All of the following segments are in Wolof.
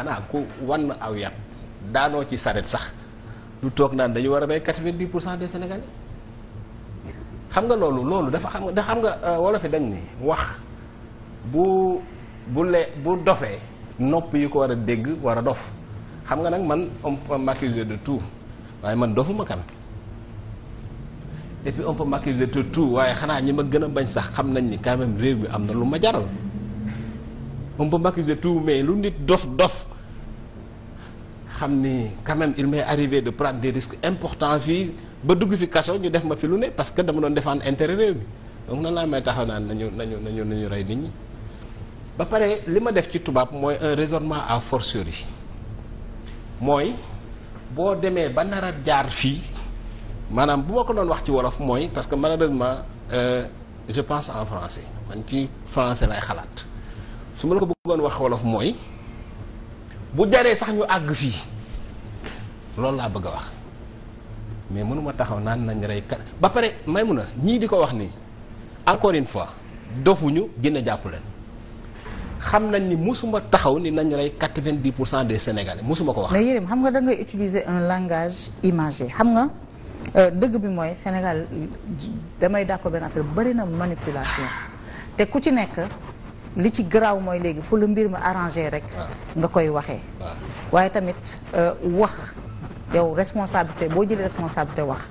xanaa ku wan aw yat daanoo ci saret sax lu toog naan dañu war a béy quatre-vingt-dix pour cent des sénégalais xam nga loolu loolu dafa xam nga xam nga euh, wolof dañ ni wax bu bu le bu dofee nopp yi ko war a dégg war a dof xam nga nag man on peut m'accuser de tout waaye man dofuma kan et puis on peut m'accuser de tout waaye xanaa ñi ma gën a bañ sax xam nañ ni quand réew mi am na lu ma jaral on peut m'accuser tout mais lu nit dof dof xam ni quand même il m'est arrivé de prendre des risques important fii ba dugg fi kaso ñu def ma fi lu ne parce que dama doon défendre intérêt réew mi donc nan laa may taxaw naan nañu nañu nañu nañu rey nit ñi ba pare li ma def ci tubaab mooy un raisonnement à fortiori mooy boo demee ba nar jaar fii maanaam bu ma ko doon wax ci wolof mooy parce que malheureusement euh, je pense en français man ci français lay xalaat su ma la ko bëggoon wax wolof mooy bu jaree sax ñu àgg fii loolu laa bëgg a wax mais mënuma taxaw naan nañ rey kat ba pare may mun a ñii di ko wax nii encore une fois dofuñu gën a jàpp leen xam nañ ni musuma taxaw ni nañ rey quatre-vingt-dix pour cent de sénégalais musuma ko wax. mais Yérim xam nga da nga utiliser un langage imagé xam nga euh, dëgg bi mooy Sénégal damay d'accord benn affaire bari na manipulation te ku ci nekk. li ci garaaw mooy léegi fu la mbir ma arrangé rek ah. nga koy waxee ah. waaye tamit euh, wax yow responsabilité boo jëlee responsabilité wax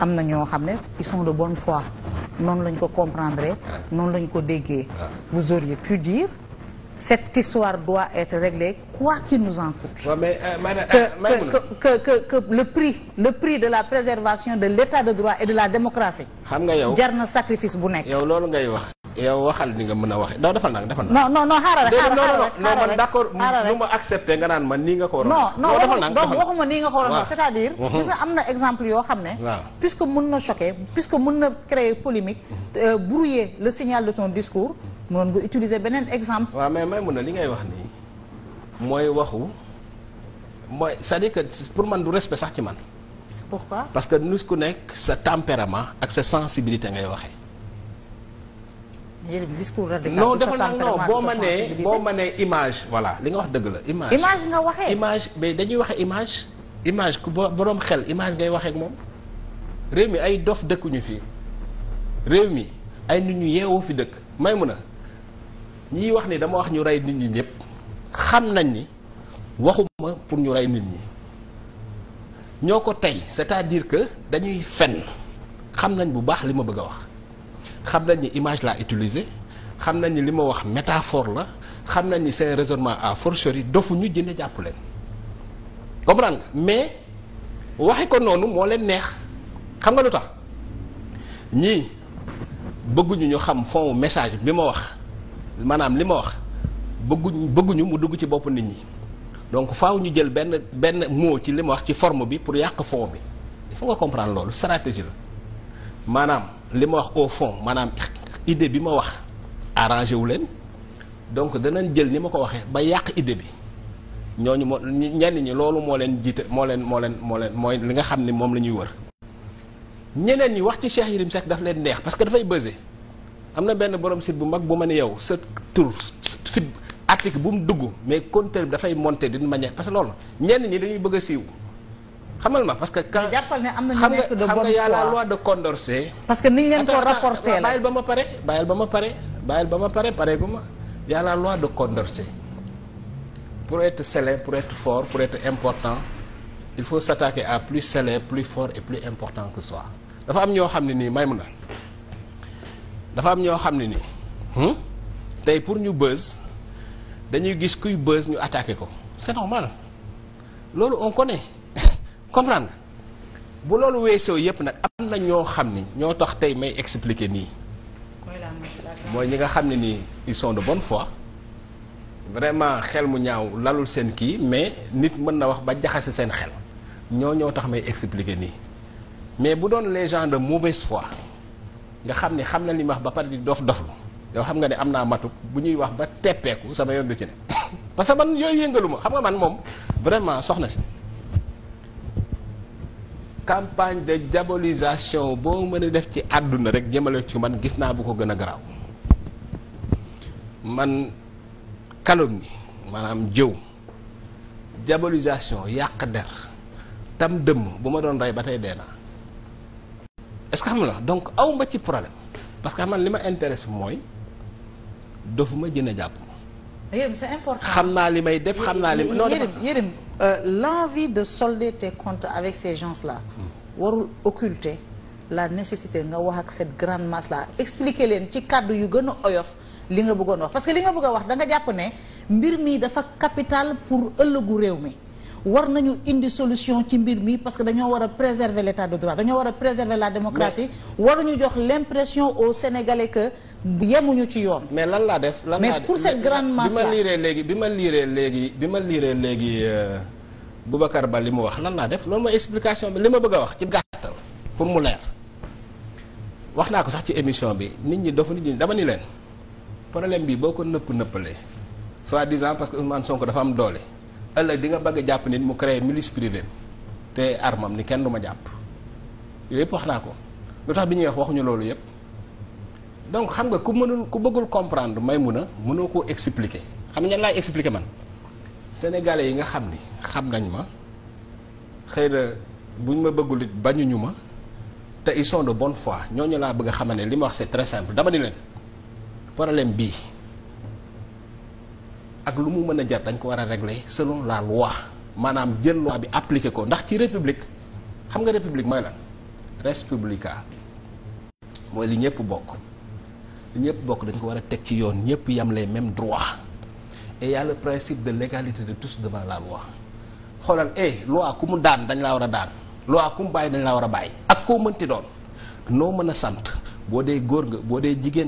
am na ñoo xam ne ils sont de bonne foi noonu lañ ko comprendre ah. noonu lañ ko déggee vous auriez pu dire cette histoire doit être réglée quoi qu'il nous en coûte ouais, mais, euh, madame, que, euh, que, que, que le prix le prix de la préservation de l'état de droit et de la démocratie xam nga yow jar na sacrifice bu nekk yow loolu ngay wax yow waxal ni nga mën a waxee non defal naa defal naa. non non non xaaral rek xaaral rek non man d'accord nu ma accepté nga naan ma nii nga ko war a. non non donc waxuma nii nga ko war a c'est-à-dire. Mhm. gis nga am na exemple yoo xam ne. puisque mën na choquer puisque mën na créer polémique mhm. euh, brouiller le signal de ton discours mënoon nga utiliser beneen exemple. waaw mais may mun na li ngay wax nii mooy waxu mooy c'est-à-dire que pour man du respect sax ci man. c'est pourquoi. parce que nus ku nekk sa tempérament ak sa sensibilité ngay waxee. discours radical non dafa nag non boo ma nee boo ma image voilà li nga wax dëgg la image. image nga waxee image mais dañuy waxe image. image ku boroom xel image ngay waxee ak moom réew mi ay dof dëkkuñu fii réew mi ay nit ñu yeewoo fi dëkk may mun a ñiy wax ni dama wax ñu rey nit ñi ñëpp xam nañ ni waxuma pour ñu rey nit ñi ñoo ko tey c'est-à-dire que dañuy fen xam nañ bu baax li ma bëgg a wax. xam nañ ni image laa utiliser xam nañ ni li ma wax métaphore la xam nañ ni seen raisonnement à forcerie dofu ñu jënd jàpp leen comprendre nga mais waxe ko noonu moo leen neex xam nga lu tax ñii bëgguñu ñu xam fond message bi ma wax maanaam li ma wax bëgguñu bëgguñu mu dugg ci bopp nit ñi donc faw ñu jël benn benn moo ci li ma wax ci forme bi pour yàq fond bi il faut nga comprendre loolu stratégie la maanaam li ma wax au fond maanaam idée bi ma wax arrangé wu leen donc danañ jël ni ma ko waxee ba yàq idée bi ñooñu moo ñenn ñi loolu moo leen jiite moo leen moo leen moo leen mooy li nga xam ni moom la ñuy wër ñeneen ñi wax ci Cheikh Yérim set daf leen neex parce que dafay bëse am na benn borom site bu mag bu ma ne yow sa tur site article bu mu dugg mais compteur bi dafay monter d'une manière parce que loolu ñenn ñi dañuy bëgg a siiw xamal ma parce que. quand jàppal ne xam nga y a la loi de Condorcet. parce que niñ leen ko rapporté la bàyyil ba ma pare bàyyil ba ma pare bàyyil ba ma pare pare gu ma y a la loi de Condorcet pour être célèbre pour être fort pour important il faut s'attaquer à plus célèbre plus fort et plus important que soi dafa am ñoo xam ne nii may mu na dafa am ñoo xam ne nii hmm? tey pour ñu buzz dañuy gis kuy buzz ñu attaqué ko c'est normal loolu on connaît. comprendre nga bu loolu weesoo yëpp nag am na ñoo xam ni ñoo tax tey may expliquer nii. mooy ñi nga xam ne nii ils sont de bonne foi. vraiment xel mu ñaaw lalul seen kii mais nit mën na wax ba jaxase seen xel ñoo ñoo tax may expliquer nii mais bu doon les gens de mauvaise foi nga xam ne xam na li ma wax ba pare di dof doflu yow xam nga ne am naa matu bu ñuy wax ba teppeeku sama yoon ci ne parce que man yooyu yëngalu ma xam nga man moom vraiment soxna si campagne de diabolisation boo mën a def ci àdduna rek jëmale ci man gis naa bu ko gën a garaaw man calomnie maanaam jëw diabolisation yàq der tam dëmm bu ma doon rey ba tey dee naa est-ce que xam nga donc aw ma ci problème parce que man li ma intéresse mooy dofuma jën a jàpp. c'est xam naa li may def xam naa li. non yërëm yërëm euh, l'envie de solder tes comptes avec ces la warul occulter la nécessité nga wax ak cette grande masse-là expliquer leen ci kàddu yu gën a oyof li nga bëggoon wax parce que li nga bëgg a wax danga nga jàpp ne mbir mi dafa capital pour ëllëgu réew mi war nañu indi solution ci mbir mi parce que dañoo war a préserver l'état de droit dañoo war a préserver la démocratie ñu jox l'impression aux Sénégalais que yemuñu ci yoon mais lan laa def lan mais pour cette grande masse bi ma liiree léegi bi ma liiree léegi bi ma liiree euh, Ba li mu wax lan laa def loolu ma explication bi li ma bëgg a wax ci gàttal pour mu leer wax naa ko sax ci émission bi nit ñi dafa nit ñi dama ni leen problème bi boo ko nëpp nëppalee soit disant parce que Ousmane Sonko dafa am doole ëllëg di nga bëgg jàpp nit mu créé milice privée te armam ni kenn du ma jàpp yooyu yëpp wax naa ko lu tax bi ñuy wax waxuñu loolu yëpp donc xam nga ku mënul ku bëggul comprendre may mun a mënoo ko expliquer xam nga laay expliquer man sénégalais yi nga xam ni xam nañ ma xëy na buñ ma bëggul it bañuñu ma te ils sont de bonne foi ñooñu laa bëgg a ne li ma wax c'est très simple dama ni leen problème bii. ak lu mu mën a jar dañ ko war a régler selon la loi maanaam jël loi bi appliquer ko ndax ci république xam nga république mooy lan res mooy li ñëpp bokk li ñëpp bokk dañ ko war a teg ci yoon ñëpp yam lay mêmes droits et y a le principe de l'égalité de tous devant la loi xoolal eh loi ku mu daan dañ laa war a daan loi ku mu bàyyi dañ laa war a bàyyi ak koo mënti doon noo mën a sant boo dee góor nga boo dee jigéen